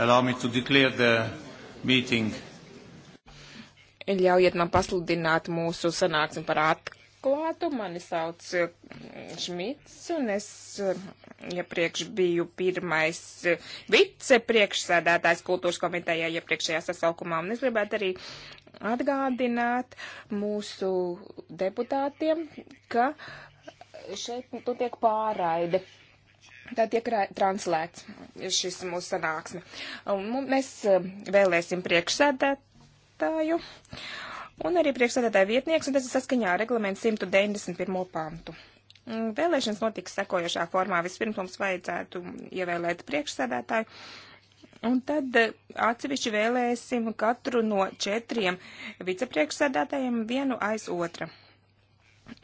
Allow me to declare the meeting. Ļaujiet man pasludināt mūsu sanāksmi par atklātu. Mani sauc mm, Šmits un es mm, iepriekš ja biju pirmais mm, vicepriekšsēdētājs kultūras komitejā iepriekšējā ja sasaukumā un es gribētu arī atgādināt mūsu deputātiem, ka šeit nu tiek pārraide Tā tiek translēts šis mūsu sanāksme. Un mēs eh, vēlēsim priekšsēdētāju un arī priekšsēdētāju vietnieks, un tas ir saskaņā ar reglamentu 191. pantu. Mm, vēlēšanas notiks sekojošā formā. Vispirms mums vajadzētu ievēlēt priekšsēdētāju. Un tad eh, atsevišķi vēlēsim katru no četriem vicepriekšsēdētājiem vienu aiz otru.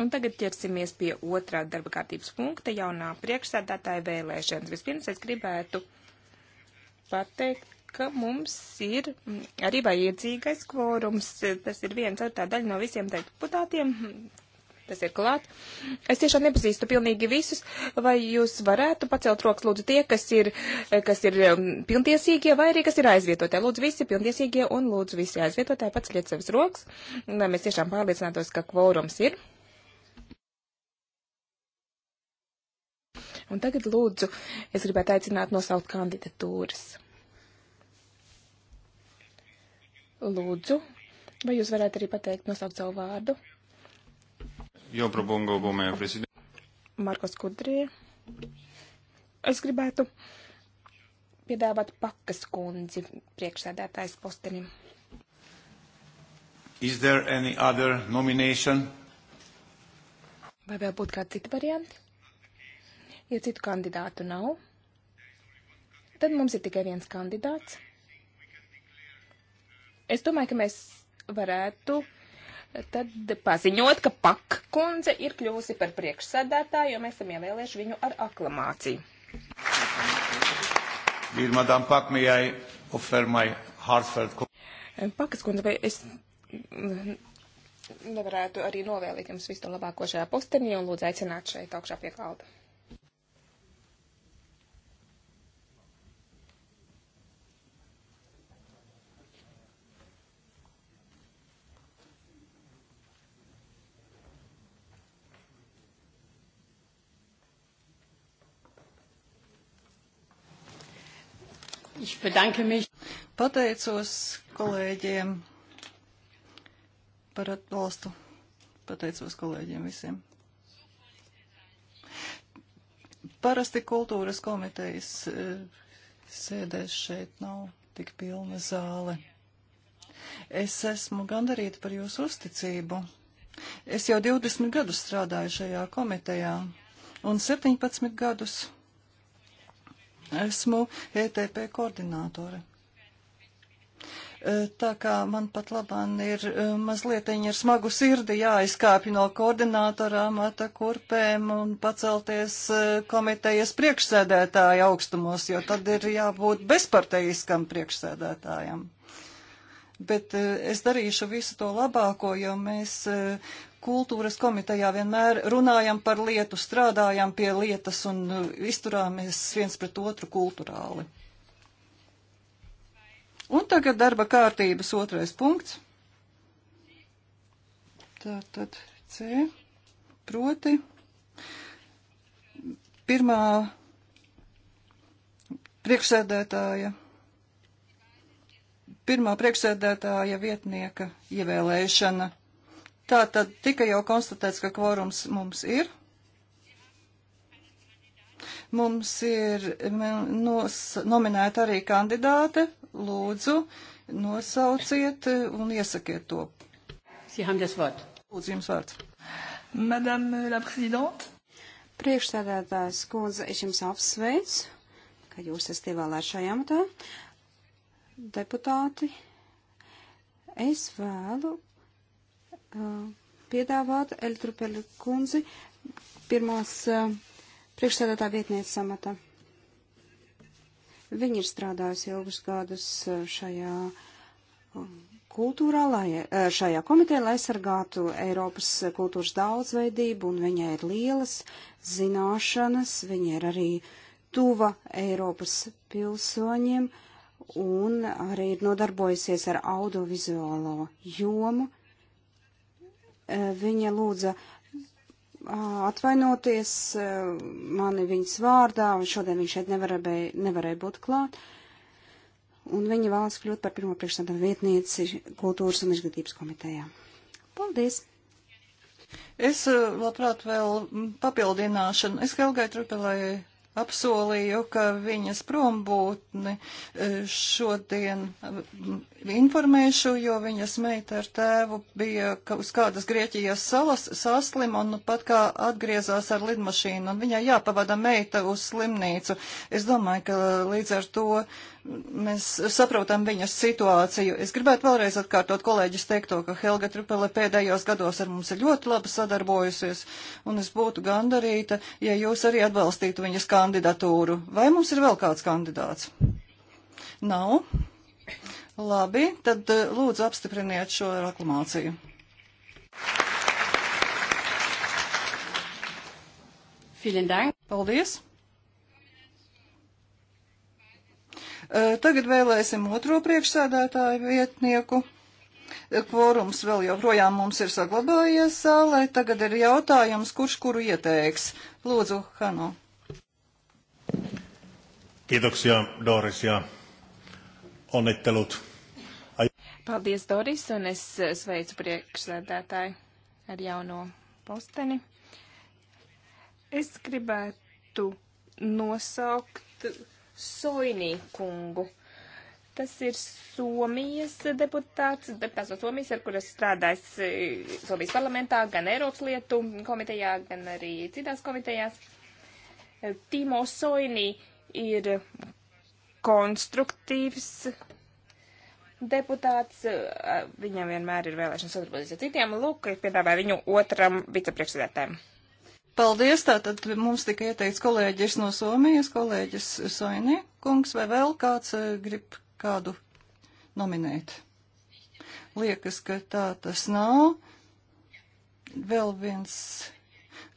Un tagad ķersimies pie otrā darba kārtības punkta - jaunā priekšsēdētāja vēlēšanas. Vispirms es gribētu pateikt, ka mums ir arī vajadzīgais kvorums. Tas ir viens ar tā daļa no visiem deputātiem. Tas ir klāt. Es tiešām nepazīstu pilnīgi visus. Vai jūs varētu pacelt rokas, lūdzu, tie, kas ir, kas ir um, pilntiesīgie, vai arī kas ir aizvietotāji? Lūdzu, visi pilntiesīgie un lūdzu, visi aizvietotāji paceļiet savas rokas, lai mēs tiešām pārliecinātos, ka kvorums ir. Un tagad lūdzu, es gribētu aicināt nosaukt kandidatūras. Lūdzu, vai jūs varētu arī pateikt, nosaukt savu vārdu? Joprabungo Gomē, prezidents. Markos Kudrie. Es gribētu piedāvāt pakas kundzi priekšsēdētājs postenim. Is there any other nomination? Vai vēl būtu kādi citi varianti? Ja citu kandidātu nav, tad mums ir tikai viens kandidāts. Es domāju, ka mēs varētu tad paziņot, ka Pak kundze ir kļūsi par priekšsēdētāju, jo mēs esam ievēlējuši viņu ar aklamāciju. Pakas kundze, vai es nevarētu arī novēlīt jums visu to labāko šajā postenī un lūdzu aicināt šeit augšā pie kalda. Ich bedanke mich. Pateicos kolēģiem par atbalstu. Pateicos kolēģiem visiem. Parasti kultūras komitejas eh, sēdēs šeit nav tik pilna zāle. Es esmu gandarīta par jūsu uzticību. Es jau 20 gadus strādāju šajā komitejā un 17 gadus Esmu ETP koordinātore. E, tā kā man pat labāk ir e, mazliet ar smagu sirdi jāizkāpj no koordinātora amata kurpēm un pacelties e, komitejas priekšsēdētāja augstumos, jo tad ir jābūt bezparteiskam priekšsēdētājam bet es darīšu visu to labāko, jo mēs kultūras komitejā vienmēr runājam par lietu, strādājam pie lietas un uh, izturāmies viens pret otru kultūrāli. Un tagad darba kārtības otrais punkts. Tātad C. Proti pirmā priekšsēdētāja, pirmā priekšsēdētāja vietnieka ievēlēšana Tā tad tika jau konstatēts, ka kvorums mums ir. Mums ir nos, nominēta arī kandidāte. Lūdzu, nosauciet un iesakiet to. Lūdzu, jums vārds. Madame la Présidente. Priekšstādātājs kundze, es jums apsveicu, ka jūs esat ievēlēti šajā amatā. Deputāti, es vēlu Uh, piedāvāt Eltrupeli kundzi pirmās uh, priekšsēdētā vietniece samata. Viņa ir strādājusi ilgus gadus uh, šajā um, kultūrā, lai, šajā komitē, lai aizsargātu Eiropas kultūras daudzveidību, un viņai ir lielas zināšanas, viņa ir arī tuva Eiropas pilsoņiem, un arī ir nodarbojusies ar audiovizuālo jomu Eh, viņa lūdza atvainoties eh, mani viņas vārdā, un šodien viņš šeit nevarēja, nevarēja būt klāt. Un viņa vēlas kļūt par pirmo priekšsēdētāju vietnieci kultūras un izglītības komitejā. Paldies! Es eh, labprāt vēl papildināšanu. Es Helgai Trupelai apsolīju, ka viņas prombūtni e, šodien informēšu, jo viņas meita ar tēvu bija uz kādas Grieķijas salas saslim un nu pat kā atgriezās ar lidmašīnu, un viņai jāpavada meita uz slimnīcu. Es domāju, ka līdz ar to mēs saprotam viņas situāciju. Es gribētu vēlreiz atkārtot kolēģis teikto, ka Helga Trupele pēdējos gados ar mums ir ļoti labi sadarbojusies, un es būtu gandarīta, ja jūs arī atbalstītu viņas kandidatūru. Vai mums ir vēl kāds kandidāts? Nav. Labi, tad eh, lūdzu apstipriniet šo reklamāciju. Paldies! Tagad vēlēsim otro priekšsēdētāju vietnieku. Kvorums vēl joprojām mums ir saglabājies zālē. Tagad ir jautājums, kurš kuru ieteiks. Lūdzu, Hano. Kiitoksia, Doris, ja onnittelut. Ai... Paldies, Doris, un es sveicu priekšsēdētāju ar jauno posteni. Es gribētu nosaukt Soinīkungu. Tas ir Somijas deputāts, deputāts no Somijas, ar kuras strādājis e, Somijas parlamentā, gan Eiropas lietu komitejā, gan arī citās komitejās. E, Timo Soinī ir konstruktīvs deputāts, e, viņam vienmēr ir vēlēšana sadarboties ar citiem, lūk, piedāvāja viņu otram vicepriekšsēdētājiem. Paldies, tātad mums tika ieteikts kolēģis no Somijas, kolēģis Soini kungs, vai vēl kāds eh, grib kādu nominēt? Liekas, ka tā tas nav. Vēl viens.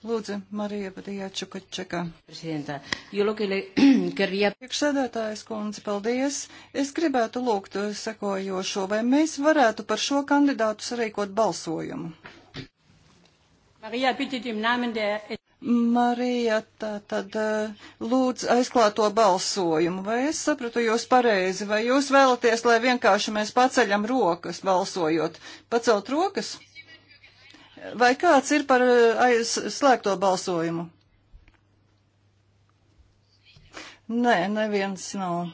Lūdzu, Marija Badijā Čukačeka. Prezidentā, jo lokēlē, karjā. Priekšsēdētājs kundze, paldies. Es gribētu lūgt eh, sekojošo, vai mēs varētu par šo kandidātu sarīkot balsojumu. Marija, bitte dem Namen der. Marija, tā tad eh, lūdzu aizklāto balsojumu. Vai es sapratu jūs pareizi? Vai jūs vēlaties, lai vienkārši mēs paceļam rokas balsojot? Pacelt rokas? Vai kāds ir par eh, aiz slēgto balsojumu? Nē, neviens nav.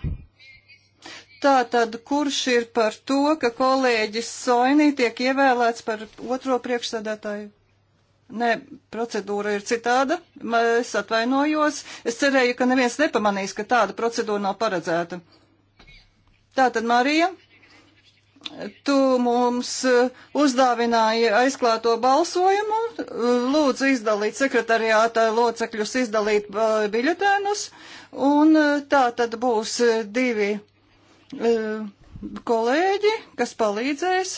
Tātad, kurš ir par to, ka kolēģis Soinī tiek ievēlēts par otro priekšsēdētāju? Nē, procedūra ir citāda. Es atvainojos. Es cerēju, ka neviens nepamanīs, ka tāda procedūra nav paredzēta. Tātad, Marija, tu mums uh, uzdāvināji aizklāto balsojumu. Lūdzu izdalīt sekretariātā locekļus, izdalīt uh, biļetēnus. Un uh, tā tad būs divi kolēģi, kas palīdzēs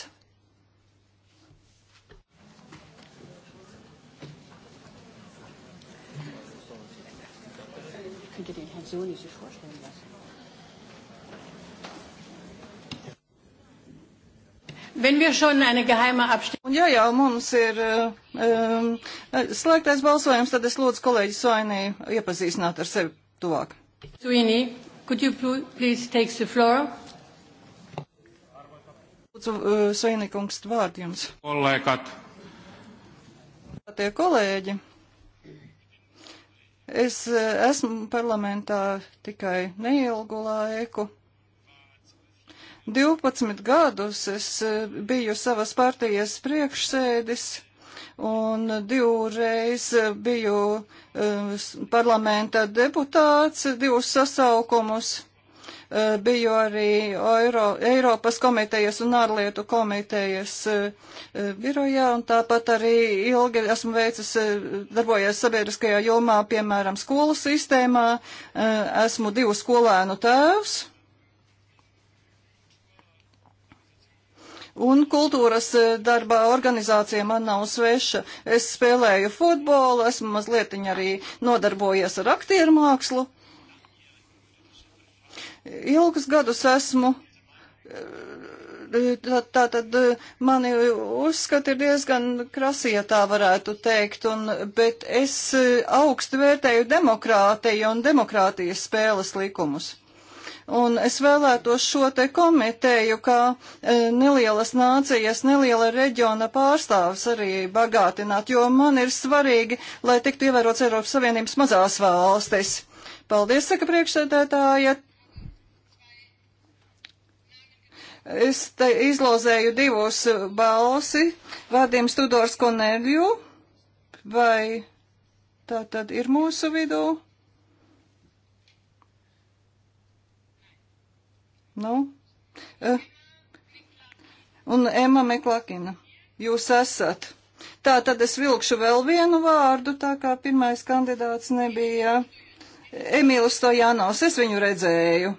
Sanktionen sich vorstellen lassen. Un, ja jau mums ir um, um, slēgtais balsojums, tad es lūdzu kolēģi Soinī iepazīstināt ar sevi tuvāk. Soinī, could you please take the floor? Lūdzu, uh, Soinī kungs, vārdu jums. Kolēgat. Tie kolēģi Es eh, esmu parlamentā tikai neilgu laiku. 12 gadus es eh, biju savas partijas priekšsēdis un divreiz eh, biju parlamenta deputāts, divus sasaukumus. Eh, biju arī Eiro, Eiropas komitejas un ārlietu komitejas eh, eh, birojā, un tāpat arī ilgi esmu veicis, darbojies sabiedriskajā jomā, piemēram, skolu sistēmā. Esmu divu skolēnu tēvs. Un kultūras darba organizācija man nav sveša. Es spēlēju futbolu, esmu mazliet arī nodarbojies ar aktieru mākslu. Ilgus gadus esmu e, tātad e, mani uzskati ir diezgan krasi, ja tā varētu teikt, un, bet es e, augstu vērtēju demokrātiju un demokrātijas spēles likumus. Un es vēlētos šo te komiteju, kā e, nelielas nācijas, neliela reģiona pārstāvs arī bagātināt, jo man ir svarīgi, lai tiktu ievērots Eiropas Savienības mazās valstis. Paldies, saka priekšsēdētāja. Es te izlozēju divus balsi, Vadims Tudors Konevju, vai tā tad ir mūsu vidū? Nu? Uh. Un Emma Meklakina, jūs esat. Tā tad es vilkšu vēl vienu vārdu, tā kā pirmais kandidāts nebija Emīls Stojanovs, es viņu redzēju.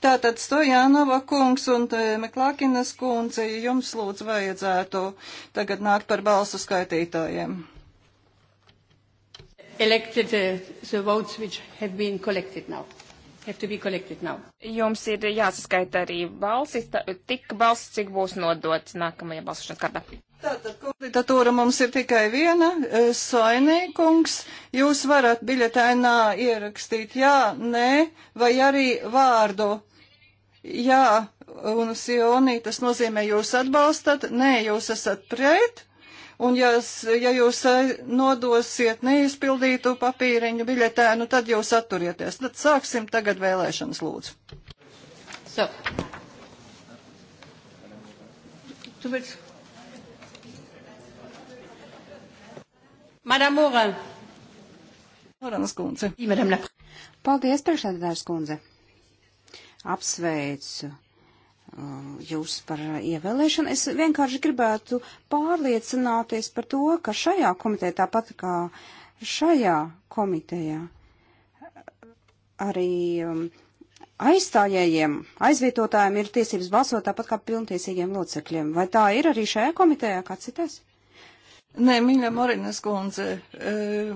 Tātad Stojanova kungs un Meklākinas kundze, jums lūdzu vajadzētu tagad nākt par balsu skaitītājiem. Elected, uh, the votes which have been collected now. Have to be collected now. Jums ir jāsaskaita arī balsis, tik balsis, cik būs nodots nākamajā balsošanas kārtā. Tātad kandidatūra mums ir tikai viena. Eh, Sainīkungs, jūs varat biļetēnā ierakstīt jā, nē, vai arī vārdu jā, un Sionī tas nozīmē jūs atbalstat, nē, jūs esat pret, un ja, ja jūs eh, nodosiet neizpildītu papīriņu biļetē, nu tad jūs atturieties. Tad sāksim tagad vēlēšanas lūdzu. So. Madame Morin. Moranas kundze. Paldies, priekšsēdētājs kundze apsveicu uh, jūs par ievēlēšanu. Es vienkārši gribētu pārliecināties par to, ka šajā komitejā, tāpat kā šajā komitejā, arī um, aizstājējiem, aizvietotājiem ir tiesības balsot tāpat kā pilntiesīgiem locekļiem. Vai tā ir arī šajā komitejā, kā citas? Nē, mīļa Morinas kundze, eh,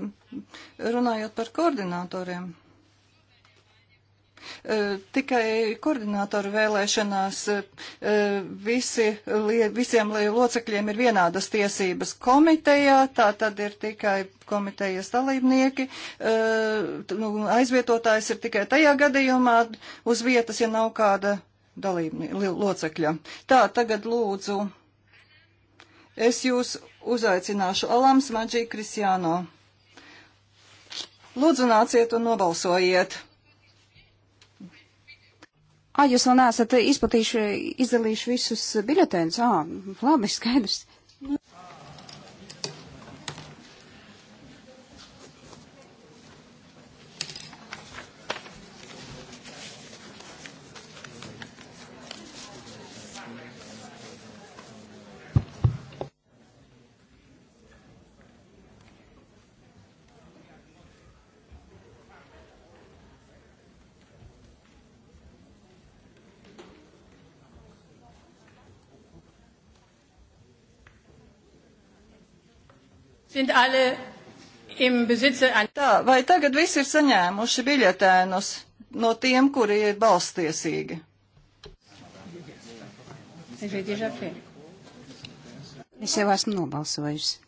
runājot par koordinatoriem Eh, tikai koordinātoru vēlēšanās eh, visi, visiem locekļiem ir vienādas tiesības komitejā, tā tad ir tikai komitejas dalībnieki. Eh, nu, aizvietotājs ir tikai tajā gadījumā uz vietas, ja nav kāda locekļa. Tā, tagad lūdzu. Es jūs uzaicināšu Alams Maģī Kristiāno. Lūdzu, nāciet un nobalsojiet! Ā, jūs vēl neesat izplatījuši, izdalījuši visus biļetēnus. Ā, labi, skaidrs. sind alle im Besitze an. Tā, vai tagad visi ir saņēmuši biļetēnus no tiem, kuri ir balstiesīgi? Es jau esmu nobalsojusi.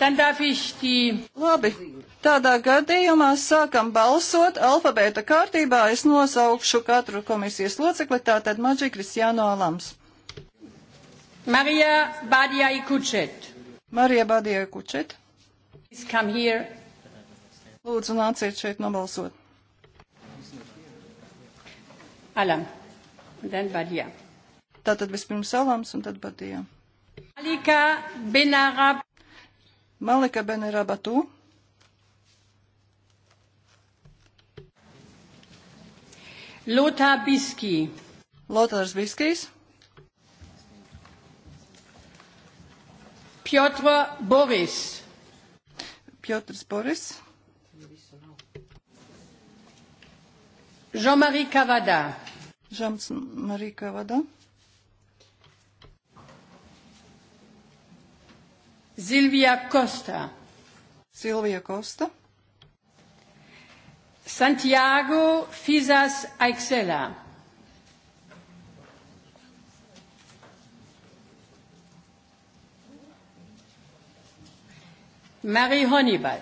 Labi, tādā gadījumā sākam balsot alfabēta kārtībā. Es nosaukšu katru komisijas locekli, tātad Maģi Kristiāno Alams. Marija Badija i Kučet. Marija Badija i Kučet. Lūdzu, nāciet šeit nobalsot. Alam. Then Badija. Tātad vispirms Alams un tad Badija. Malika Benarab. Malika Benarabatu. Lothar Biski. Lothars Biskijs. Piotr Boris. Piotrs Boris. Jean-Marie Cavada. Jean-Marie Cavada. Silvia Costa. Silvia Costa. Santiago Fisas Aixela. Mary Honeyball.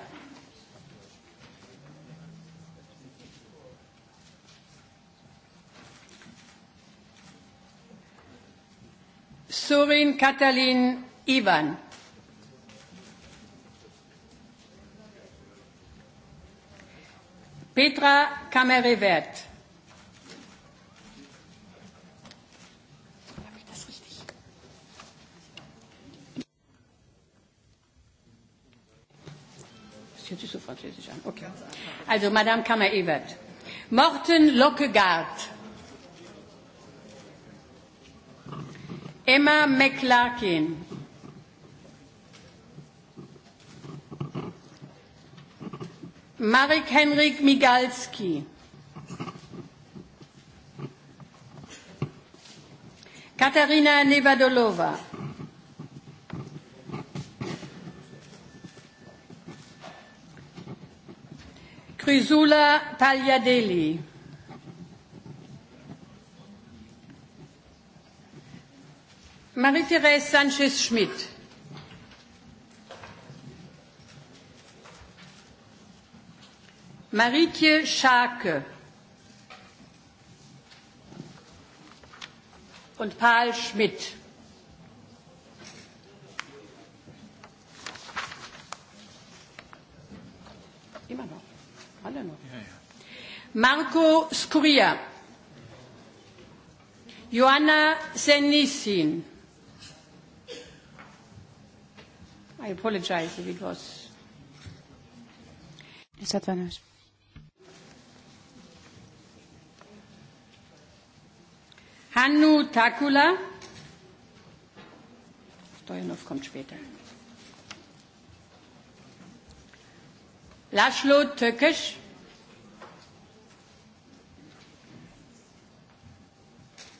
Surin Katalin Ivan. Petra Kamerevert. Willst du so Französisch an? Okay. Also, Madame Kammer-Ebert. Morten Lockegaard. Emma McLarkin. Marek Henrik Migalski. Katarina Nevadolova. Frisula Tagliadelli. Marie-Thérèse Sanchez-Schmidt. Marieke Schake. Und Paul Schmidt. I don't know. Yeah, yeah. Marco Scuria. Ioanna Senissin. I apologize if it was. Es atvainojos. Hannu Takula. Stojanov kommt später. Laszlo Tökös.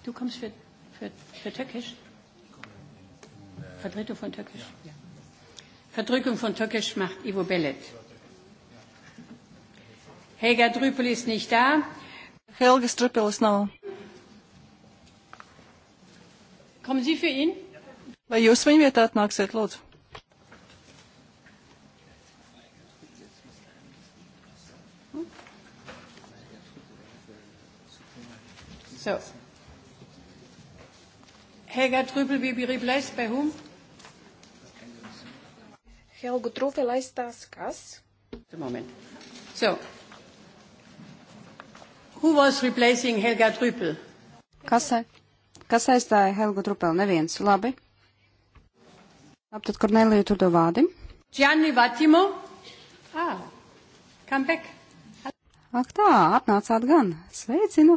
Du kommst für, für, für Türkisch? Vertretung von Türkisch. Ja. Verdrückung von Türkisch macht Ivo Bellet. Helga Drüppel ist nicht da. Helga Drüppel ist nav. Kommen Sie für ihn? Vai jūs viņu vietā atnāksiet, lūdzu? So. Helga Trüppel will be replaced by whom? Helga Trüppel aizstās kas? The moment. So. Who was replacing Helga Trüppel? Kas, kas aizstāja Helgu Trupeli? Neviens. Labi. Labi, tad Kornelija tur do vādi. Gianni Vatimo. Ah, come back. Ak tā, atnācāt gan. Sveicinu.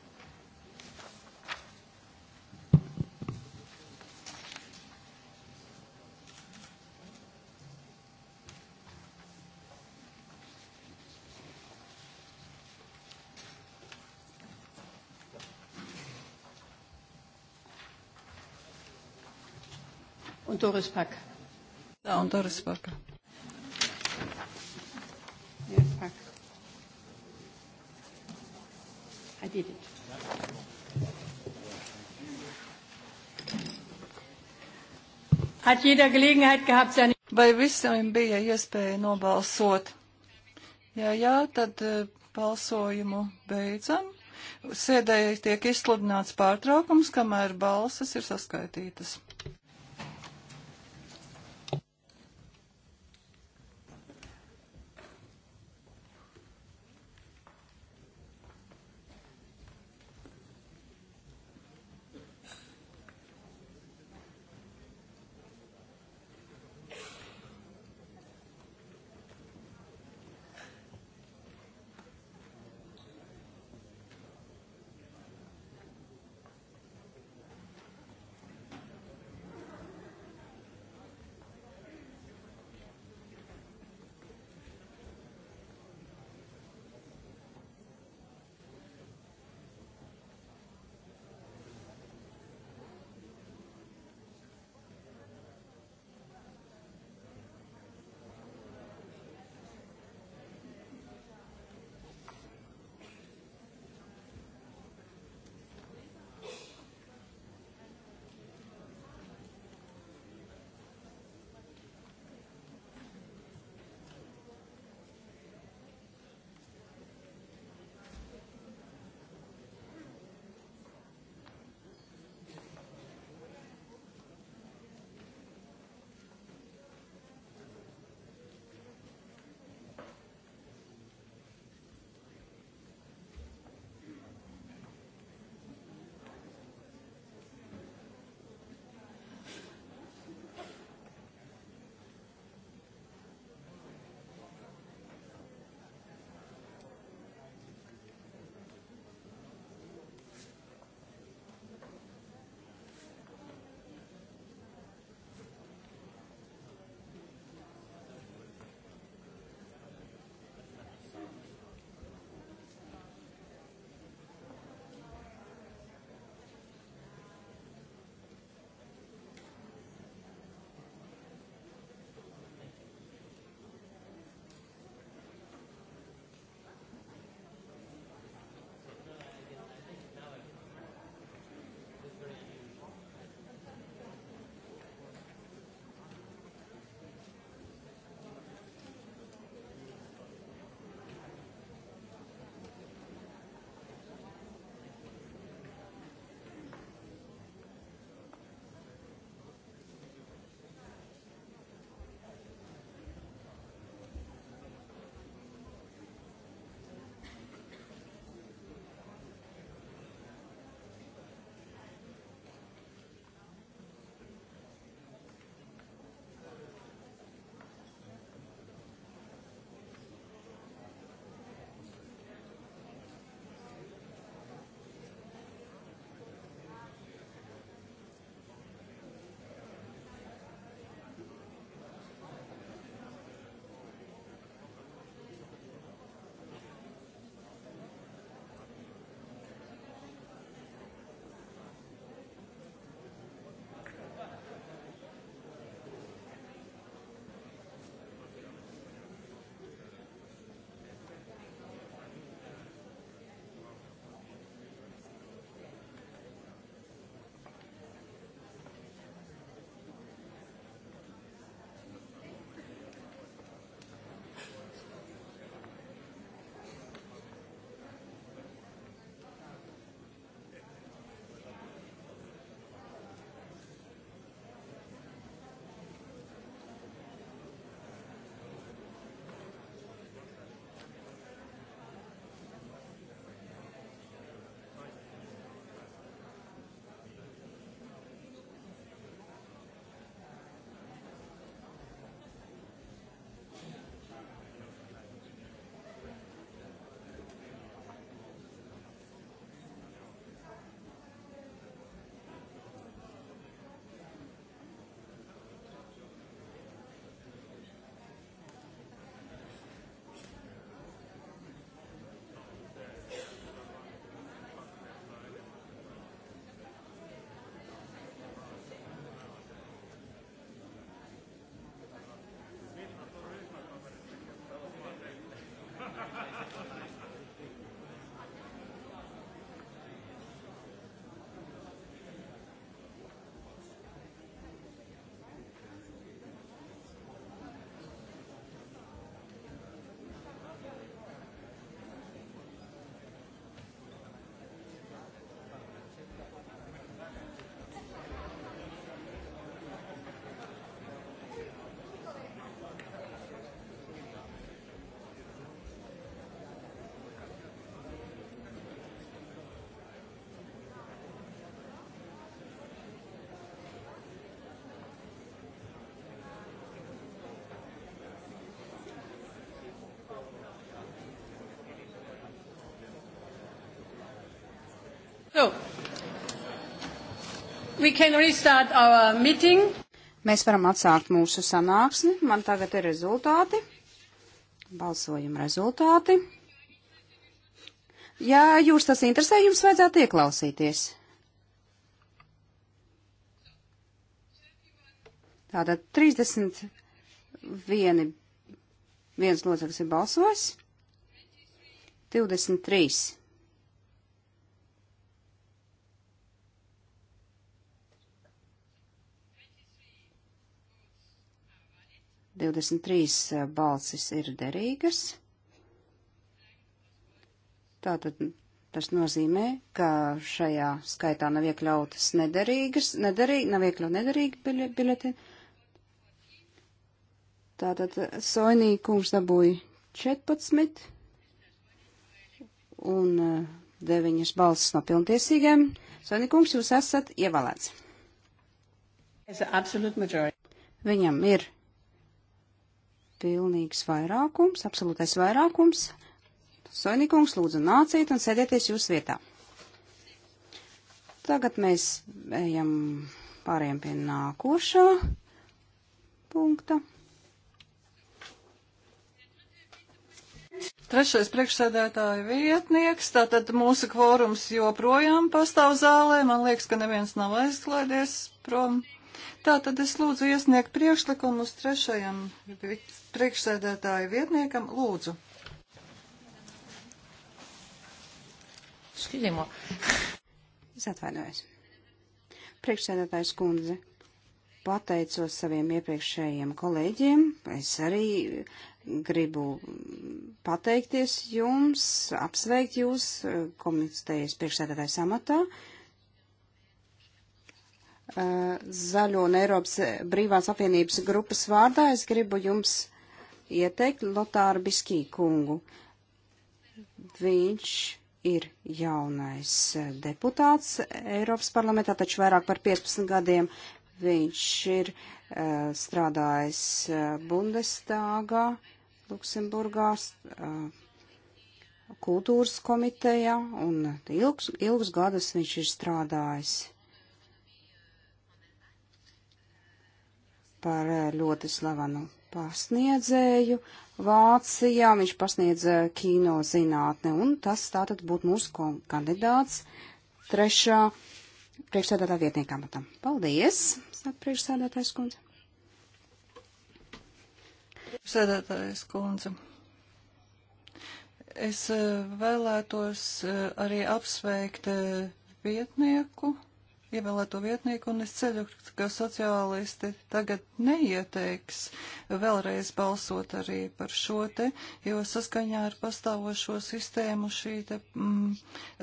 Doris Pak. Da, un Doris Pak. Yeah, Pak. I did it. Hat jeder Gelegenheit gehabt, seine Vai visiem bija iespēja nobalsot? Ja jā, tad e, balsojumu beidzam. Sēdēji tiek izsludināts pārtraukums, kamēr balsas ir saskaitītas. So, we can restart our meeting. Mēs varam atsākt mūsu sanāksmi. Man tagad ir rezultāti. Balsojuma rezultāti. Ja jūs tas interesē, jums vajadzētu ieklausīties. Tātad 31 viens loceklis ir balsojis, 23 23 eh, balsis ir derīgas. Tātad tas nozīmē, ka šajā skaitā nav iekļautas nederīgas, nederīgi, nav iekļaut nederīgi biļeti. Tātad Soinī kungs dabūja 14 un 9 eh, balsis no pilntiesīgiem. Soinī kungs, jūs esat ievēlēts. Viņam ir pilnīgs vairākums, absolūtais vairākums. Soinikungs, lūdzu, nāciet un sēdieties jūs vietā. Tagad mēs ejam pārējām pie nākošā punkta. Trešais priekšsēdētāja vietnieks, tātad mūsu kvorums joprojām pastāv zālē, man liekas, ka neviens nav aizklādies prom. Tātad es lūdzu iesniegt priekšlikumus trešajam Priekšsēdētāja vietniekam lūdzu. Skidimo. Es atvainojos. Priekšsēdētājs kundze, pateicos saviem iepriekšējiem kolēģiem. Es arī gribu pateikties jums, apsveikt jūs eh, komitejas priekšsēdētāja samatā. Eh, Zaļo un Eiropas brīvās apvienības grupas vārdā es gribu jums ieteikt Lotāru Biskī kungu. Viņš ir jaunais eh, deputāts Eiropas parlamentā, taču vairāk par 15 gadiem viņš ir uh, strādājis eh, Bundestāgā, Luksemburgā, uh, kultūras komitejā, un ilgs, ilgus gadus viņš ir strādājis par ļoti slavenu pasniedzēju Vācijā, viņš pasniedz kino zinātne, un tas tātad būtu mūsu kandidāts trešā priekšsēdētā vietniekā matam. Paldies, priekšsēdētājs kundze. Priekšsēdētājs kundze. Es eh, vēlētos eh, arī apsveikt eh, vietnieku ievēlēto vietnieku, un es ceļu, ka sociālisti tagad neieteiks vēlreiz balsot arī par šo te, jo saskaņā ar pastāvošo sistēmu šī te mm,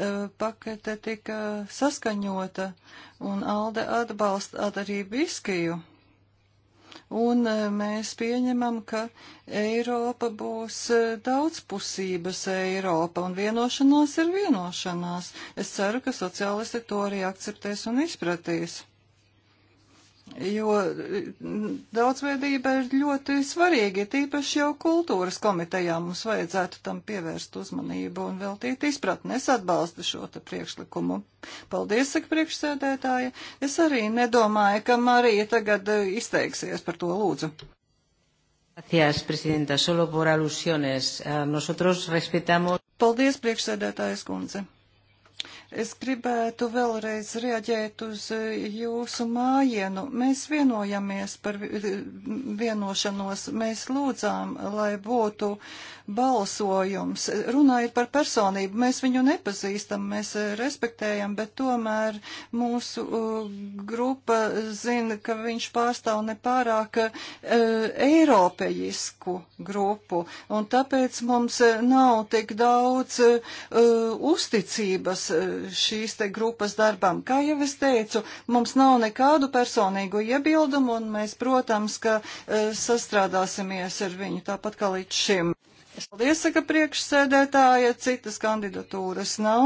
e, pakete tika saskaņota, un Alde atbalsta arī Biskiju un eh, mēs pieņemam, ka Eiropa būs eh, daudzpusības Eiropa, un vienošanās ir vienošanās. Es ceru, ka sociālisti to arī akceptēs un izpratīs jo mm, daudzveidība ir ļoti svarīga, tīpaši jau kultūras komitejā mums vajadzētu tam pievērst uzmanību un veltīt izpratni. Es atbalstu šo te priekšlikumu. Paldies, saka priekšsēdētāja. Es arī nedomāju, ka Marija tagad eh, izteiksies par to lūdzu. Gracias, presidenta. Solo por alusiones. Ah, nosotros respetamos. Paldies, priekšsēdētājas kundze. Es gribētu vēlreiz reaģēt uz e, jūsu mājienu. Mēs vienojamies par e, vienošanos. Mēs lūdzām, lai būtu uh, balsojums. Runā ir par personību. Mēs viņu nepazīstam, mēs respektējam, bet tomēr mūsu uh, grupa zina, ka viņš pārstāv nepārāk uh, eiropeisku grupu. Un tāpēc mums uh, nav tik daudz uzticības šīs te grupas darbam. Kā jau es teicu, mums nav nekādu personīgu iebildumu un mēs, protams, ka sastrādāsimies ar viņu tāpat kā līdz šim. Paldies, saka priekšsēdētāja, citas kandidatūras nav.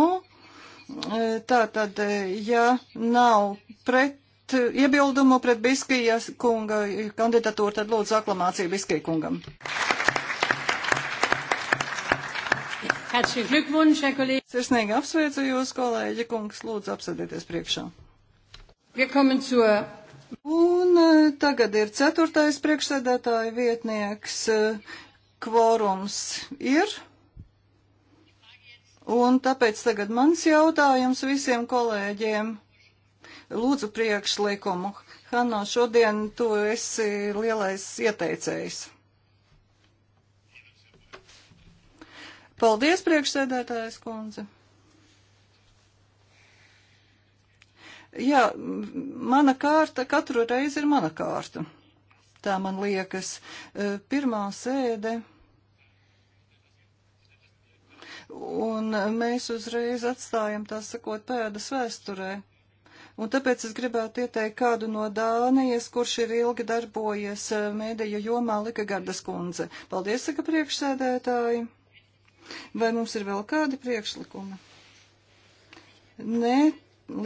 E, Tā tad, e, ja nav pret iebildumu pret Biskija kunga kandidatūru, tad lūdzu aklamāciju Biskija kungam. Sirsnīgi apsveicu jūs, kolēģi kungs, lūdzu apsēdieties priekšā. Un e, tagad ir ceturtais priekšsēdētāja vietnieks Kvorums ir. Un tāpēc tagad mans jautājums visiem kolēģiem. Lūdzu priekšlikumu. Hanno, šodien tu esi lielais ieteicējs. Paldies, priekšsēdētājas kundze. Jā, mana kārta katru reizi ir mana kārta. Tā man liekas, pirmā sēde un mēs uzreiz atstājam, tā sakot, pēdas vēsturē. Un tāpēc es gribētu ieteikt kādu no Dānijas, kurš ir ilgi darbojies eh, mēdīju jomā Likagardas kundze. Paldies, saka priekšsēdētāji. Vai mums ir vēl kādi priekšlikumi? Nē,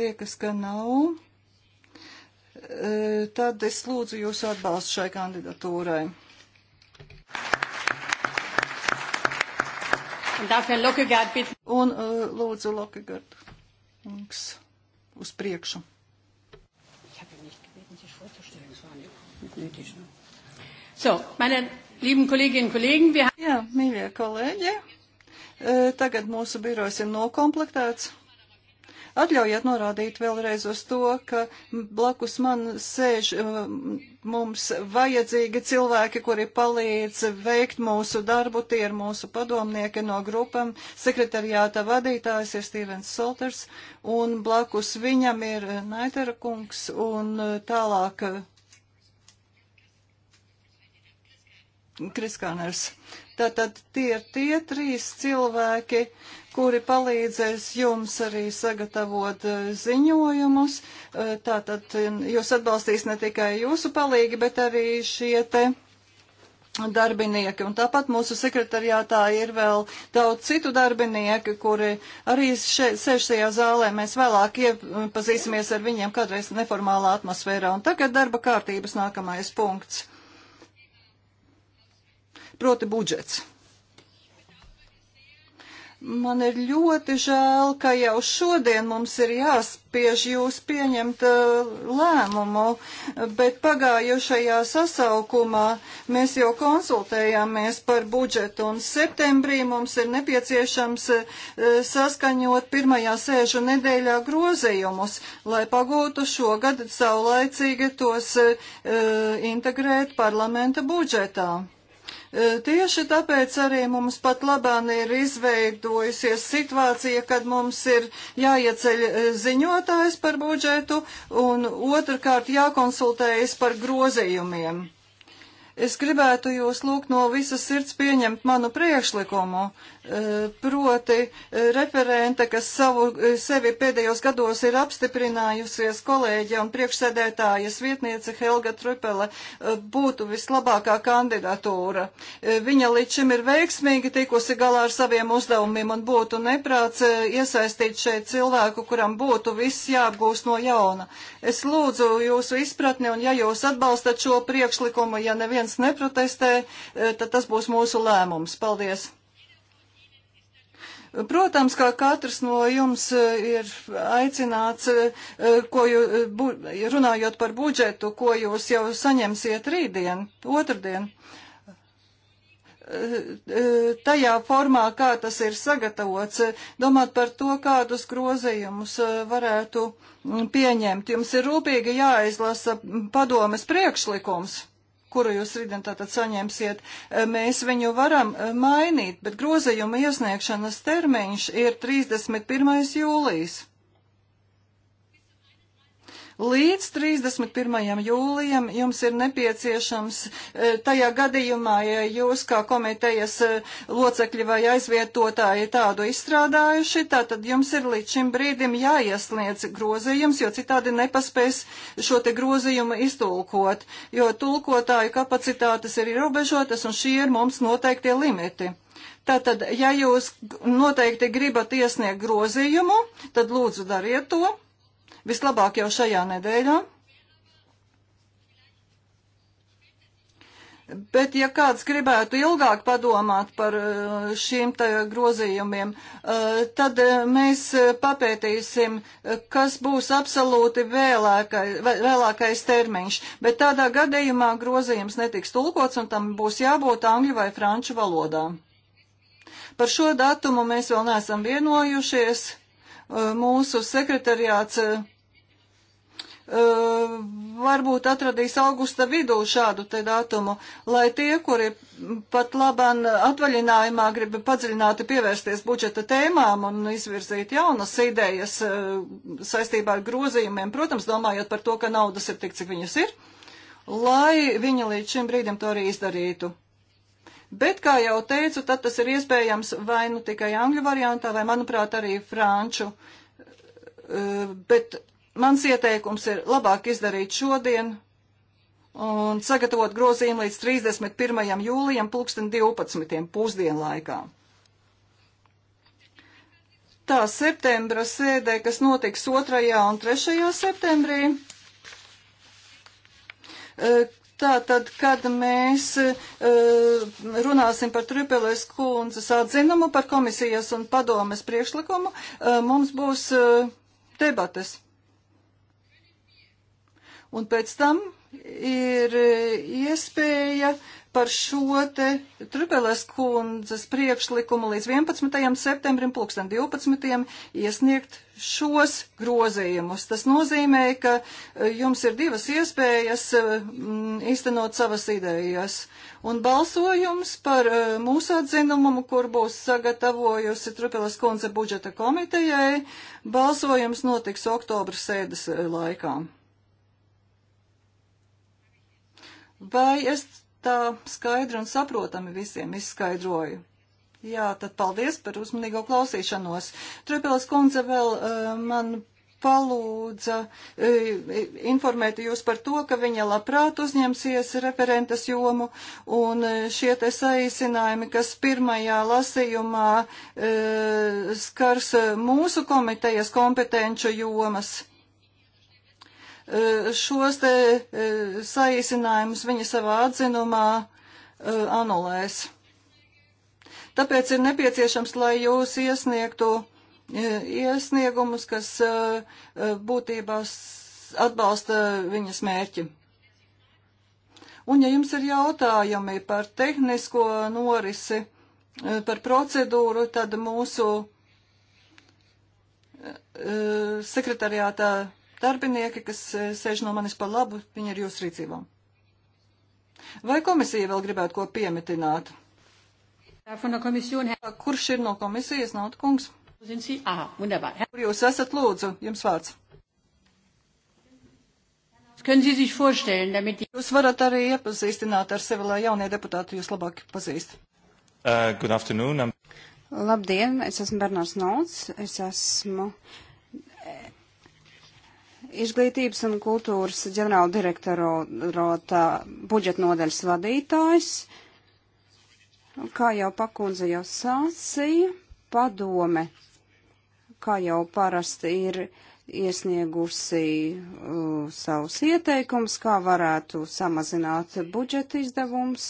liekas, ka nav. Eh, tad es lūdzu jūsu atbalstu šai kandidatūrai. Un uh, lūdzu Lokegard uz priekšu. So, meine lieben Kolleginnen und Kollegen, wir haben. Jā, mīļie kolēģi, eh, tagad mūsu birojs ir nokomplektēts. Atļaujiet norādīt vēlreiz uz to, ka blakus man sēž um, mums vajadzīgi cilvēki, kuri palīdz veikt mūsu darbu. Tie ir mūsu padomnieki no grupam. Sekretariāta vadītājs ir Stīvens Solters, un blakus viņam ir Naitera kungs, un uh, tālāk Kriskārners. Uh, Tātad tie ir tie trīs cilvēki, kuri palīdzēs jums arī sagatavot eh, ziņojumus. Eh, tātad jūs atbalstīs ne tikai jūsu palīgi, bet arī šie te darbinieki. Un tāpat mūsu sekretariātā ir vēl daudz citu darbinieki, kuri arī šeit sēž šajā zālē. Mēs vēlāk iepazīsimies ar viņiem kādreiz neformālā atmosfērā. Un tagad darba kārtības nākamais punkts proti budžets. Man ir ļoti žēl, ka jau šodien mums ir jāspiež jūs pieņemt uh, lēmumu, bet pagājušajā sasaukumā mēs jau konsultējāmies par budžetu un septembrī mums ir nepieciešams uh, saskaņot pirmajā sēžu nedēļā grozējumus, lai pagūtu šogad saulaicīgi tos uh, integrēt parlamenta budžetā. E, tieši tāpēc arī mums pat labāk ir izveidojusies situācija, kad mums ir jāieceļ e, ziņotājs par budžetu un otrkārt jākonsultējas par grozījumiem. Es gribētu jūs lūgt no visas sirds pieņemt manu priekšlikumu, proti eh, referente, kas savu, eh, sevi pēdējos gados ir apstiprinājusies kolēģa un priekšsēdētājas vietniece Helga Trupele, eh, būtu vislabākā kandidatūra. Viņa līdz šim ir veiksmīgi tikusi galā ar saviem uzdevumiem un būtu neprāts iesaistīt šeit cilvēku, kuram būtu viss jāapgūst no jauna. Es lūdzu jūsu izpratni un ja jūs atbalstat šo priekšlikumu, ja neviens neprotestē, tad tas būs mūsu lēmums. Paldies! Protams, kā katrs no jums eh, ir aicināts, eh, ko jū, eh, bu, runājot par budžetu, ko jūs jau saņemsiet rītdien, otrdien. Tajā formā, kā tas ir sagatavots, domāt par to, kādus grozījumus varētu mm, pieņemt. Jums ir rūpīgi jāizlasa padomes priekšlikums kuru jūs rītdien tātad saņemsiet, e, mēs viņu varam e, mainīt, bet grozījuma iesniegšanas termiņš ir 31. jūlijas. Līdz 31. jūlijam jums ir nepieciešams eh, tajā gadījumā, ja jūs kā komitejas eh, locekļi vai aizvietotāji tādu izstrādājuši, tātad jums ir līdz šim brīdim jāiesniedz grozījums, jo citādi nepaspēs šo te grozījumu iztulkot, jo tulkotāju kapacitātes ir ierobežotas un šie ir mums noteiktie limiti. Tātad, ja jūs noteikti gribat iesniegt grozījumu, tad lūdzu dariet to. Vislabāk jau šajā nedēļā. Bet, ja kāds gribētu ilgāk padomāt par eh, šiem grozījumiem, eh, tad eh, mēs papētīsim, kas būs absolūti vēlākais, vēlākais termiņš. Bet tādā gadījumā grozījums netiks tulkots un tam būs jābūt angļu vai franču valodā. Par šo datumu mēs vēl neesam vienojušies. Mūsu sekretariāts Eh, varbūt atradīs augusta vidū šādu te datumu, lai tie, kuri pat laban atvaļinājumā grib padziļināti pievērsties budžeta tēmām un izvirzīt jaunas idejas eh, saistībā ar grozījumiem, protams, domājot par to, ka naudas ir tik, cik viņas ir, lai viņi līdz šim brīdim to arī izdarītu. Bet, kā jau teicu, tad tas ir iespējams vai nu tikai angļu variantā, vai, manuprāt, arī franču. Eh, bet Mans ieteikums ir labāk izdarīt šodien un sagatavot grozījumu līdz 31. jūlijam pulksten 12. pusdienlaikā. Tā septembra sēdē, kas notiks 2. un 3. septembrī, e, Tātad, kad mēs uh, runāsim par Tripeles kundzes atzinumu par komisijas un padomes priekšlikumu, uh, mums būs uh, debates. Un pēc tam ir eh, iespēja par šo te Trubeles kundzes priekšlikumu līdz 11. septembrim, 2012. iesniegt šos grozījumus. Tas nozīmē, ka eh, jums ir divas iespējas eh, īstenot savas idejas. Un balsojums par mūsu atzinumu, kur būs sagatavojusi Trubeles kundze budžeta komitejai, balsojums notiks oktobra sēdes laikā. Vai es tā skaidri un saprotami visiem izskaidroju? Jā, tad paldies par uzmanīgo klausīšanos. Trepels kundze vēl uh, man palūdza eh, informēt jūs par to, ka viņa labprāt uzņemsies referentes jomu, un eh, šie te saīsinājumi, kas pirmajā lasījumā skars mūsu komitejas kompetenču jomas Eh, šos te eh, saīsinājumus viņa savā atzinumā eh, anulēs. Tāpēc ir nepieciešams, lai jūs iesniegtu iesniegumus, kas būtībā atbalsta viņas mērķi. Un ja jums ir jautājumi par tehnisko norisi, par procedūru, tad mūsu sekretariātā darbinieki, kas e, sēž no manis pa labu, viņi ir jūsu rīcībā. Vai komisija vēl gribētu ko piemetināt? Kurš ir no komisijas, nav kungs? Ah, Kur jūs esat, lūdzu, jums vārds? Jūs varat arī iepazīstināt ar sevi, lai jaunie deputāti jūs labāk pazīst. Uh, good afternoon. I'm... Labdien, es esmu Bernārs Nauts, es esmu izglītības un kultūras ģenerāla direktorota budžeta nodaļas vadītājs. Kā jau pakundze jau sācīja, padome, kā jau parasti ir iesniegusi uh, savus ieteikumus, kā varētu samazināt budžeta izdevums.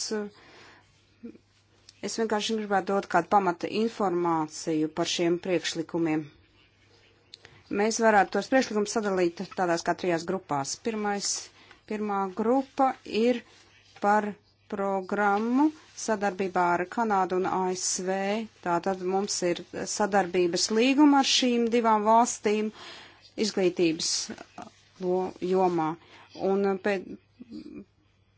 Es vienkārši gribētu dot kādu pamata informāciju par šiem priekšlikumiem mēs varētu tos priekšlikumus sadalīt tādās kā trijās grupās. Pirmais, pirmā grupa ir par programmu sadarbībā ar Kanādu un ASV. Tātad mums ir sadarbības līguma ar šīm divām valstīm izglītības jomā. Un pēd,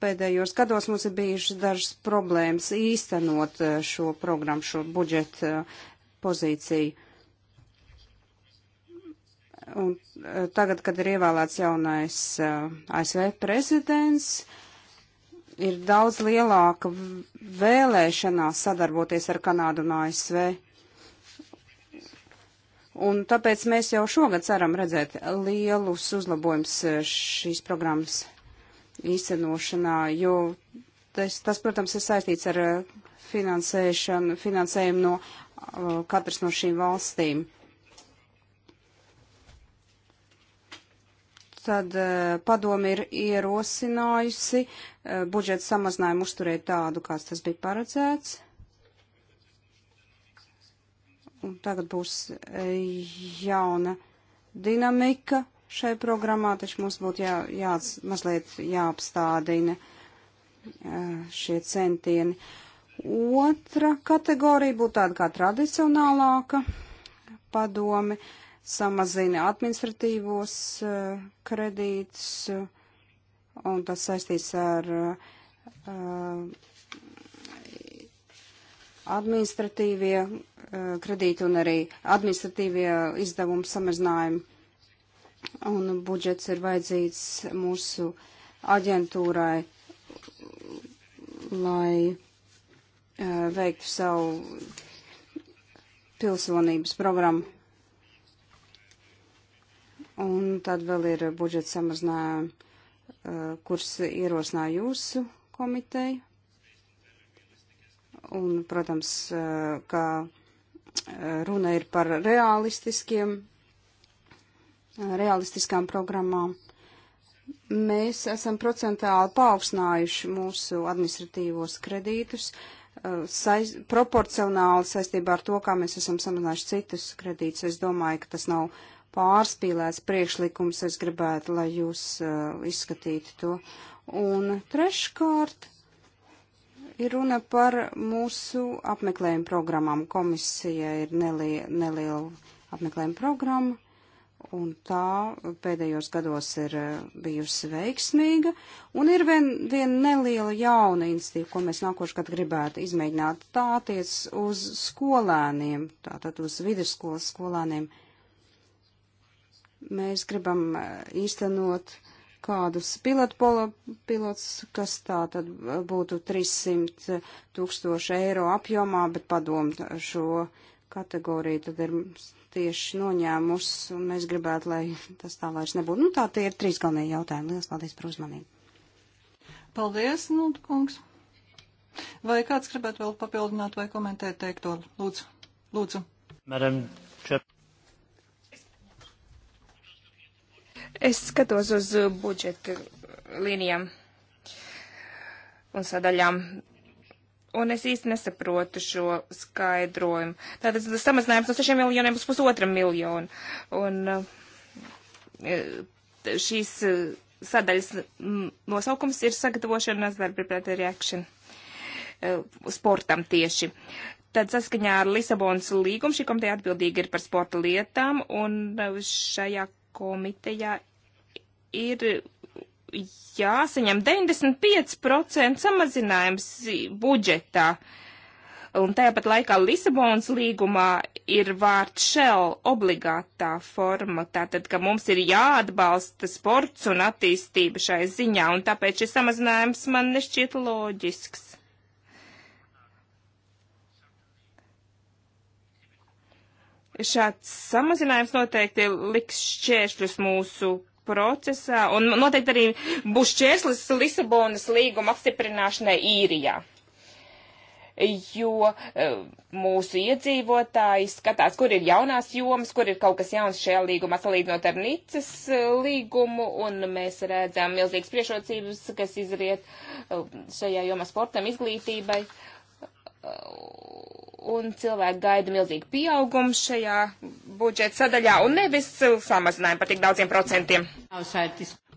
pēdējos gados mums ir bijušas dažas problēmas īstenot eh, šo programmu, šo budžetu eh, pozīciju Un eh, tagad, kad ir ievēlēts jaunais eh, ASV prezidents, ir daudz lielāka vēlēšanās sadarboties ar Kanādu un ASV. Un tāpēc mēs jau šogad ceram redzēt lielus uzlabojums eh, šīs programmas īstenošanā, jo tas, tas protams, ir saistīts ar finansēšanu, finansējumu no katras no šīm valstīm. tad eh, padomi ir ierosinājusi eh, budžeta samazinājumu uzturēt tādu, kāds tas bija paredzēts. Un tagad būs eh, jauna dinamika šai programmā, taču mums būtu jā, jā, mazliet jāapstādina šie centieni. Otra kategorija būtu tāda kā tradicionālāka padomi. Uh, samazina administratīvos eh, kredītus, un tas saistīts ar eh, administratīvie eh, kredīti un arī administratīvie izdevumu samazinājumi. Un budžets ir vajadzīgs mūsu aģentūrai, lai veiktu savu pilsonības programmu. Un tad vēl ir budžeta samazinājumi, eh, kurus ierosināja jūsu komiteja. Un, protams, eh, ka eh, runa ir par realistiskiem, realistiskām programmām. Mēs esam procentāli paaugstinājuši mūsu administratīvos kredītus, saiz, proporcionāli saistībā ar to, kā mēs esam samazinājuši citus kredītus. Es domāju, ka tas nav pārspīlēts priekšlikums. Es gribētu, lai jūs uh, izskatītu to. Un treškārt ir runa par mūsu apmeklējumu programmām. Komisija ir nelie, neliela apmeklējuma programma. Un tā pēdējos gados ir uh, bijusi veiksmīga, un ir vien, viena neliela jauna institīva, ko mēs nākošu gadu gribētu izmēģināt. Tā attiec uz skolēniem, tātad uz vidusskolas skolēniem. Uh, Mēs gribam uh, īstenot kādus pilots, kas tā tad uh, būtu 300 uh, tūkstoši eiro apjomā, bet padomt šo kategoriju tad ir tieši noņēmus, un mēs gribētu, lai tas tā vairs nebūtu. Nu, tā tie ir trīs galvenie jautājumi. Lielas paldies par uzmanību. Paldies, Nūta kungs. Vai kāds gribētu vēl papildināt vai komentēt teikto? Lūdzu. Lūdzu. Madam Es skatos uz uh, budžeta līnijām un sadaļām. Un es īsti nesaprotu šo skaidrojumu. Tātad samazinājums no 6 miljoniem uz pusotra miljonu. Un uh, e, šīs uh, sadaļas nosaukums ir sagatavošanas darbi pret reaction e, sportam tieši. Tad saskaņā ar Lisabonas līgumu šī komiteja atbildīga ir par sporta lietām, un e, šajā komitejā ir jāsaņem 95% samazinājums budžetā. Un tāpat laikā Lisabonas līgumā ir vārds šell obligātā forma, tātad, ka mums ir jāatbalsta sports un attīstība šai ziņā, un tāpēc šis samazinājums man nešķiet loģisks. Šāds samazinājums noteikti liks šķēršļus mūsu procesā, un noteikti arī būs čērslis Lisabonas līguma apstiprināšanai īrijā. Jo e, mūsu iedzīvotāji skatās, kur ir jaunās jomas, kur ir kaut kas jauns šajā līgumā salīdzinot ar Nicas e, līgumu, un mēs redzam milzīgas priešrocības, kas izriet e, šajā jomā sportam, izglītībai. Uh, un cilvēki gaida milzīgu pieaugumu šajā budžeta sadaļā un nevis samazinājumu par tik daudziem procentiem.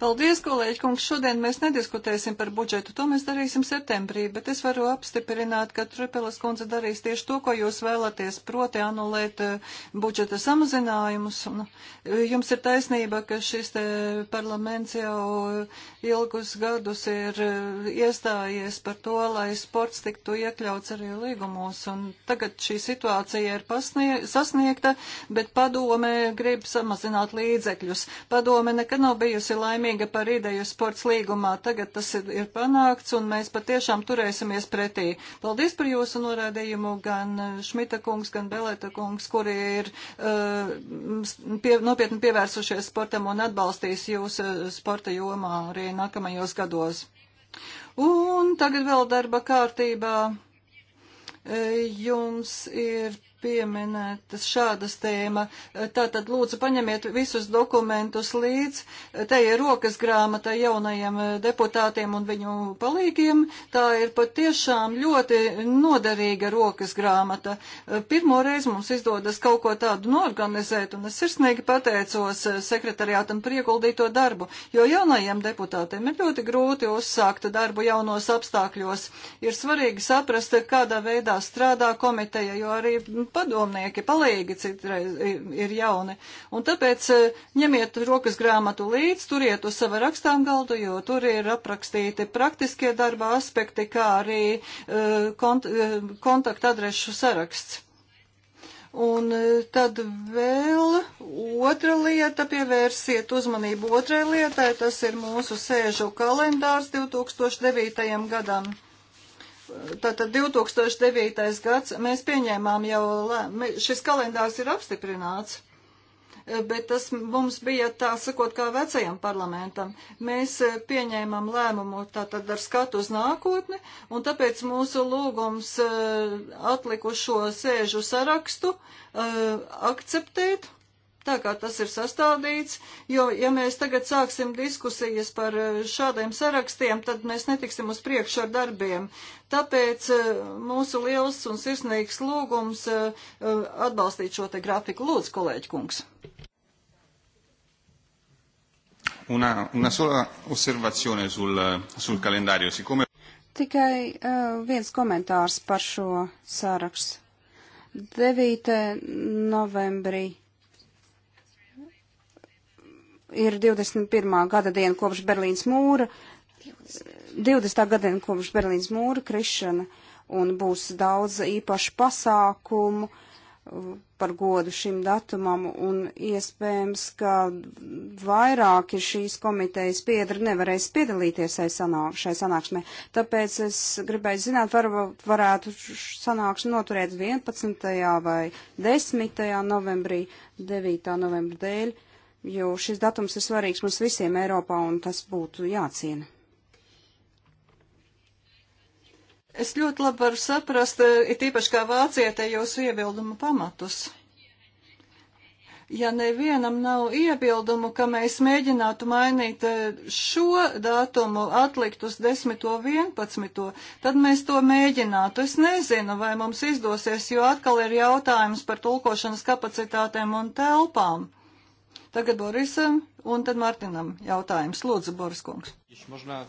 Paldies, kolēģi kungs! Šodien mēs nediskutēsim par budžetu, to mēs darīsim septembrī, bet es varu apstiprināt, ka Trupelas kundze darīs tieši to, ko jūs vēlaties, proti anulēt eh, budžeta samazinājumus. Un eh, jums ir taisnība, ka šis eh, parlaments jau ilgus gadus ir iestājies par to, lai sports tiktu iekļauts arī līgumos, un tagad šī situācija ir pasnie, sasniegta, bet padome grib samazināt līdzekļus. Padome nekad nav bijusi laimīga vainīga par ideju sports līgumā. Tagad tas ir, ir panākts, un mēs patiešām turēsimies pretī. Paldies par jūsu norādījumu, gan eh, Šmita kungs, gan Belēta kungs, kuri ir uh, pie, nopietni pievērsušies sportam un atbalstīs jūs uh, sporta jomā arī nākamajos gados. Un tagad vēl darba kārtībā. Uh, jums ir pieminētas šādas tēma. Tātad lūdzu paņemiet visus dokumentus līdz. Te ir rokas grāmata jaunajiem deputātiem un viņu palīgiem. Tā ir patiešām ļoti noderīga rokas grāmata. Pirmo reizi mums izdodas kaut ko tādu norganizēt, un es sirsnīgi pateicos sekretariātam par ieguldīto darbu, jo jaunajiem deputātiem ir ļoti grūti uzsākt darbu jaunos apstākļos. Ir svarīgi saprast, kādā veidā strādā komiteja, jo arī padomnieki, palīgi citreiz ir jauni. Un tāpēc e, ņemiet rokas grāmatu līdz, turiet uz sava rakstām galdu, jo tur ir aprakstīti praktiskie darba aspekti, kā arī e, kont e, kontaktadrešu saraksts. Un tad vēl otra lieta, pievērsiet uzmanību otrai lietai, tas ir mūsu sēžu kalendārs 2009. gadam. Tātad 2009. gads mēs pieņēmām jau, šis kalendārs ir apstiprināts e, bet tas mums bija tā sakot kā vecajam parlamentam. Mēs e, pieņēmām lēmumu tātad ar skatu uz nākotni, un tāpēc mūsu lūgums e, atlikušo sēžu sarakstu akceptēt tā kā tas ir sastādīts, jo ja mēs tagad sāksim diskusijas par eh, šādiem sarakstiem, tad mēs netiksim uz priekšu ar darbiem. Tāpēc eh, mūsu liels un sirsnīgs lūgums eh, atbalstīt šo te grafiku. Lūdzu, kolēģi kungs. Una, una sola osservazione sul, sul calendario, siccome... Tikai uh, viens komentārs par šo sarakstu. 9. novembrī ir 21. gada diena kopš Berlīnas mūra, 20. gada diena kopš Berlīnas mūra krišana, un būs daudz īpašu pasākumu uh, par godu šim datumam, un iespējams, ka vairāki šīs komitejas piedri nevarēs piedalīties sanāk, šai sanāksmē. Tāpēc es gribēju zināt, var, varētu sanāksmi noturēt 11. vai 10. novembrī, 9. novembra dēļ. Uh, jo šis datums ir svarīgs mums visiem Eiropā, un tas būtu jāciena. Es ļoti labi varu saprast, eh, ir tīpaši kā vācietē jūsu iebildumu pamatus. Ja nevienam nav iebildumu, ka mēs mēģinātu mainīt eh, šo datumu, atlikt uz 10. 11. tad mēs to mēģinātu. Es nezinu, vai mums izdosies, jo atkal ir jautājums par tulkošanas kapacitātēm un telpām. Tagad Borisam un tad Martinam jautājums. Lūdzu, Boris Kungs. Można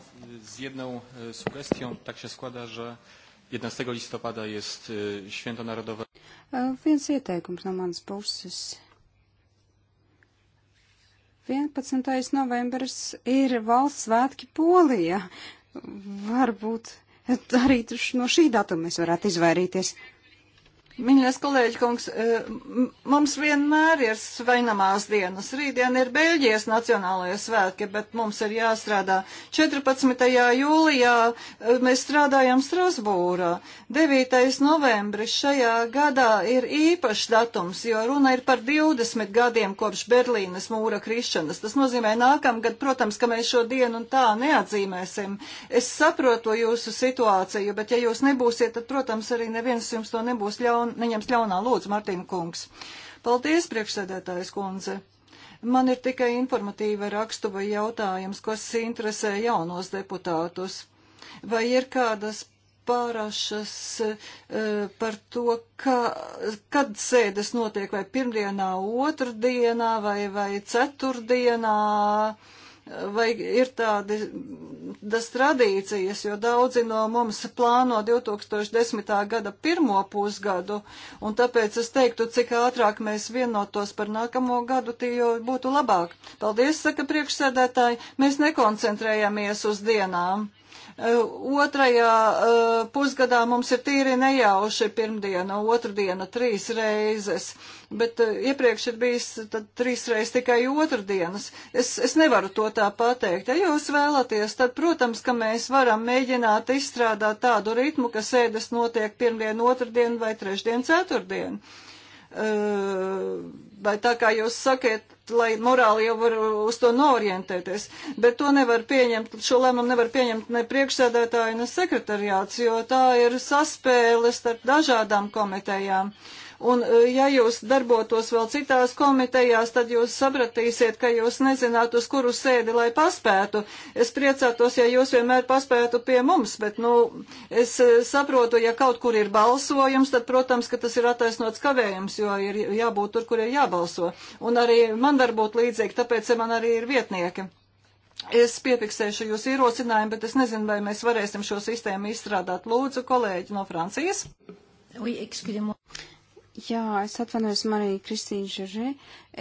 z jedną sugestią, tak się składa, że 11 listopada jest święto narodowe. E, viens ieteikums no manas puses. 11. novembris ir valsts svētki Polijā. Varbūt arī no šī datuma mēs varētu izvairīties. Mīļais kolēģi kungs, eh, mums vienmēr ir svainamās dienas. Rītdien ir Beļģijas nacionālajie svētki, bet mums ir jāstrādā. 14. jūlijā eh, mēs strādājam Strasbūrā. 9. novembris šajā gadā ir īpašs datums, jo runa ir par 20 gadiem kopš Berlīnes mūra krišanas. Tas nozīmē nākamgad, protams, ka mēs šo dienu un tā neatzīmēsim. Es saprotu jūsu situāciju, bet ja jūs nebūsiet, tad, protams, arī neviens jums to nebūs ļauts ļaun, neņems ļaunā lūdzu, Martīna kungs. Paldies, priekšsēdētājs kundze. Man ir tikai informatīva rakstuva jautājums, kas interesē jaunos deputātus. Vai ir kādas pārāšas e, eh, par to, ka, kad sēdes notiek, vai pirmdienā, otrdienā, vai, vai ceturtdienā? vai ir tādi, tas tradīcijas, jo daudzi no mums plāno 2010. gada pirmo pusgadu, un tāpēc es teiktu, cik ātrāk mēs vienotos par nākamo gadu, tie jau būtu labāk. Paldies, saka priekšsēdētāji, mēs nekoncentrējamies uz dienām. Eh, otrajā eh, pusgadā mums ir tīri nejauši pirmdiena, otrdiena trīs reizes, bet eh, iepriekš ir bijis tad trīs reizes tikai otrdienas. Es, es nevaru to tā pateikt. Ja jūs vēlaties, tad, protams, ka mēs varam mēģināt izstrādāt tādu ritmu, ka sēdes notiek pirmdien, otrdien vai trešdien, ceturtdien. Uh, Bet tā kā jūs sakiet, lai morāli jau var uz to noorientēties, bet to nevar pieņemt, šo lēmumu nevar pieņemt ne priekšsēdētāji, ne sekretariāts, jo tā ir saspēle starp dažādām komitejām. Uh, Un e, ja jūs darbotos vēl citās komitejās, tad jūs sapratīsiet, ka jūs nezināt, uz kuru sēdi, lai paspētu. Es priecātos, ja jūs vienmēr paspētu pie mums, bet, nu, es e, saprotu, ja kaut kur ir balsojums, tad, protams, ka tas ir attaisnots kavējums, jo ir jābūt tur, kur ir jābalso. Un arī man var būt līdzīgi, tāpēc man arī ir vietnieki. Es piefiksēšu jūs ierosinājumu, bet es nezinu, vai mēs varēsim šo sistēmu izstrādāt. Lūdzu, kolēģi no Francijas. Oui, excusez-moi. Jā, es atvainojos Mariju Kristīnu Žeržē.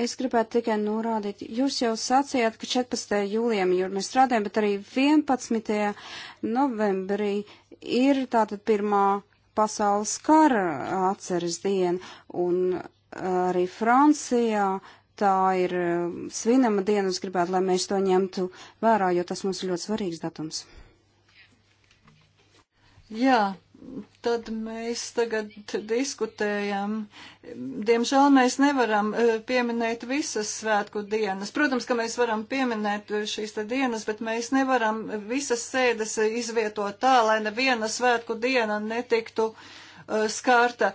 Es gribētu tikai norādīt, jūs jau sacījāt, ka 14. jūlijam jūr mēs strādājam, bet arī 11. novembrī ir tātad pirmā pasaules kara atceres diena, un uh, arī Francijā tā ir uh, svinama diena, es gribētu, lai mēs to ņemtu vērā, jo tas mums ir ļoti svarīgs datums. Jā, tad mēs tagad diskutējam. Diemžēl mēs nevaram eh, pieminēt visas svētku dienas. Protams, ka mēs varam pieminēt šīs te dienas, bet mēs nevaram visas sēdes izvietot tā, lai neviena svētku diena netiktu uh, skārta.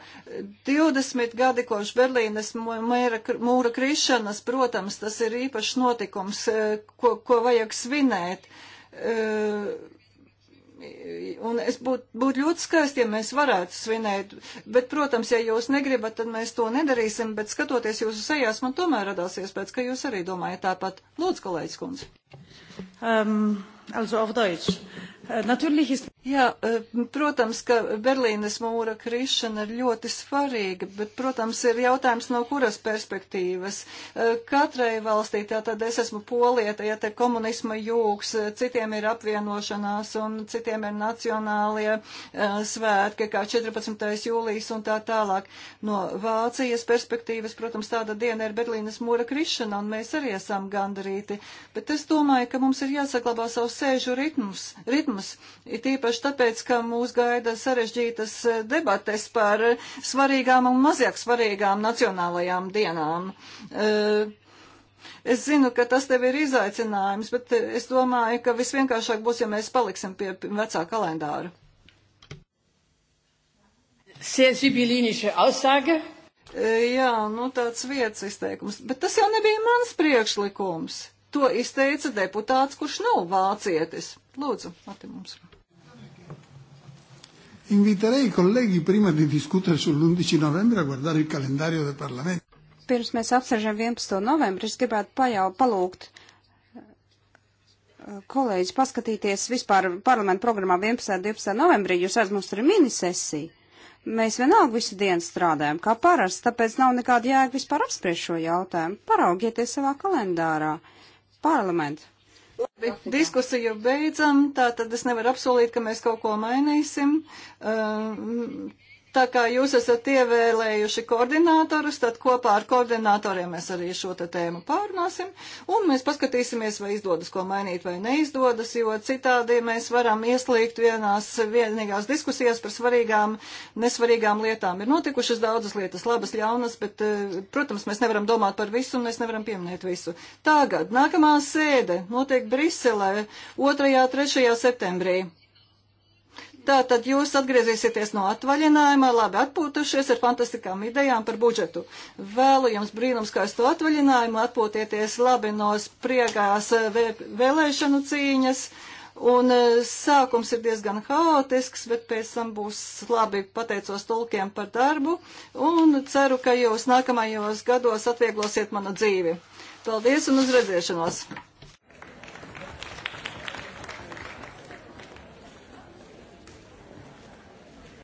20 gadi kopš Berlīnes mēra, mūra krišanas, protams, tas ir īpašs notikums, eh, ko, ko vajag svinēt. Uh, Un es būtu būt ļoti skaisti, ja mēs varētu svinēt, bet, protams, ja jūs negribat, tad mēs to nedarīsim, bet skatoties jūsu sejās, man tomēr radās iespējas, ka jūs arī domājat tāpat. Lūdzu, kolēģis kundze. Um, also auf Deutsch. Uh, natürlich ist... Jā, e, protams, ka Berlīnes mūra krišana ir ļoti svarīga, bet, protams, ir jautājums no kuras perspektīvas. E, katrai valstī, tātad es esmu polieta, ja te komunisma jūgs, e, citiem ir apvienošanās un citiem ir nacionālie svētki, kā 14. jūlijas un tā tālāk. No Vācijas perspektīvas, protams, tāda diena ir Berlīnes mūra krišana, un mēs arī esam gandarīti. Bet es domāju, ka mums ir jāsaglabā savus sēžu ritmus, ritmus it īpaši īpaši tāpēc, ka mūs gaida sarežģītas debates par svarīgām un mazāk svarīgām nacionālajām dienām. Eh, es zinu, ka tas tev ir izaicinājums, bet es domāju, ka visvienkāršāk būs, ja mēs paliksim pie vecā kalendāra. Sehr sibyllinische Aussage. Eh, jā, nu tāds vietas izteikums, bet tas jau nebija mans priekšlikums. To izteica deputāts, kurš nav vācietis. Lūdzu, mati mums. Inviterei i colleghi prima di discutere sull'11 novembre a guardare il calendario del Parlamento. Pirms mēs apsveržam 11. novembri, es gribētu pajau, palūgt eh, kolēģis paskatīties vispār parlamentu programmā 11. un 12. novembrī. Jūs redzat, mums tur ir minisesija. Mēs vienalga visu dienu strādājam, kā parasti, tāpēc nav nekāda jēga vispār apspriest šo jautājumu. Paraugieties savā kalendārā. Parlamentu Labi, diskusiju beidzam, tā tad es nevaru apsolīt, ka mēs kaut ko mainīsim. Tā kā jūs esat ievēlējuši koordinātorus, tad kopā ar koordinātoriem mēs arī šo te tēmu pārunāsim, un mēs paskatīsimies, vai izdodas ko mainīt vai neizdodas, jo citādi mēs varam ieslīgt vienās vienīgās diskusijās par svarīgām, nesvarīgām lietām. Ir notikušas daudzas lietas, labas, ļaunas, bet, eh, protams, mēs nevaram domāt par visu, un mēs nevaram pieminēt visu. Tagad nākamā sēde notiek Briselē 2. 3. septembrī. Tā tad jūs atgriezīsieties no atvaļinājuma, labi atpūtušies ar fantastiskām idejām par budžetu. Vēlu jums brīnums, kā es to atvaļinājumu atpūtieties labi no spriegās eh, vē vēlēšanu cīņas. Un eh, sākums ir diezgan haotisks, bet pēc tam būs labi pateicos tulkiem par darbu un ceru, ka jūs nākamajos gados atvieglosiet manu dzīvi. Paldies un uz redzēšanos!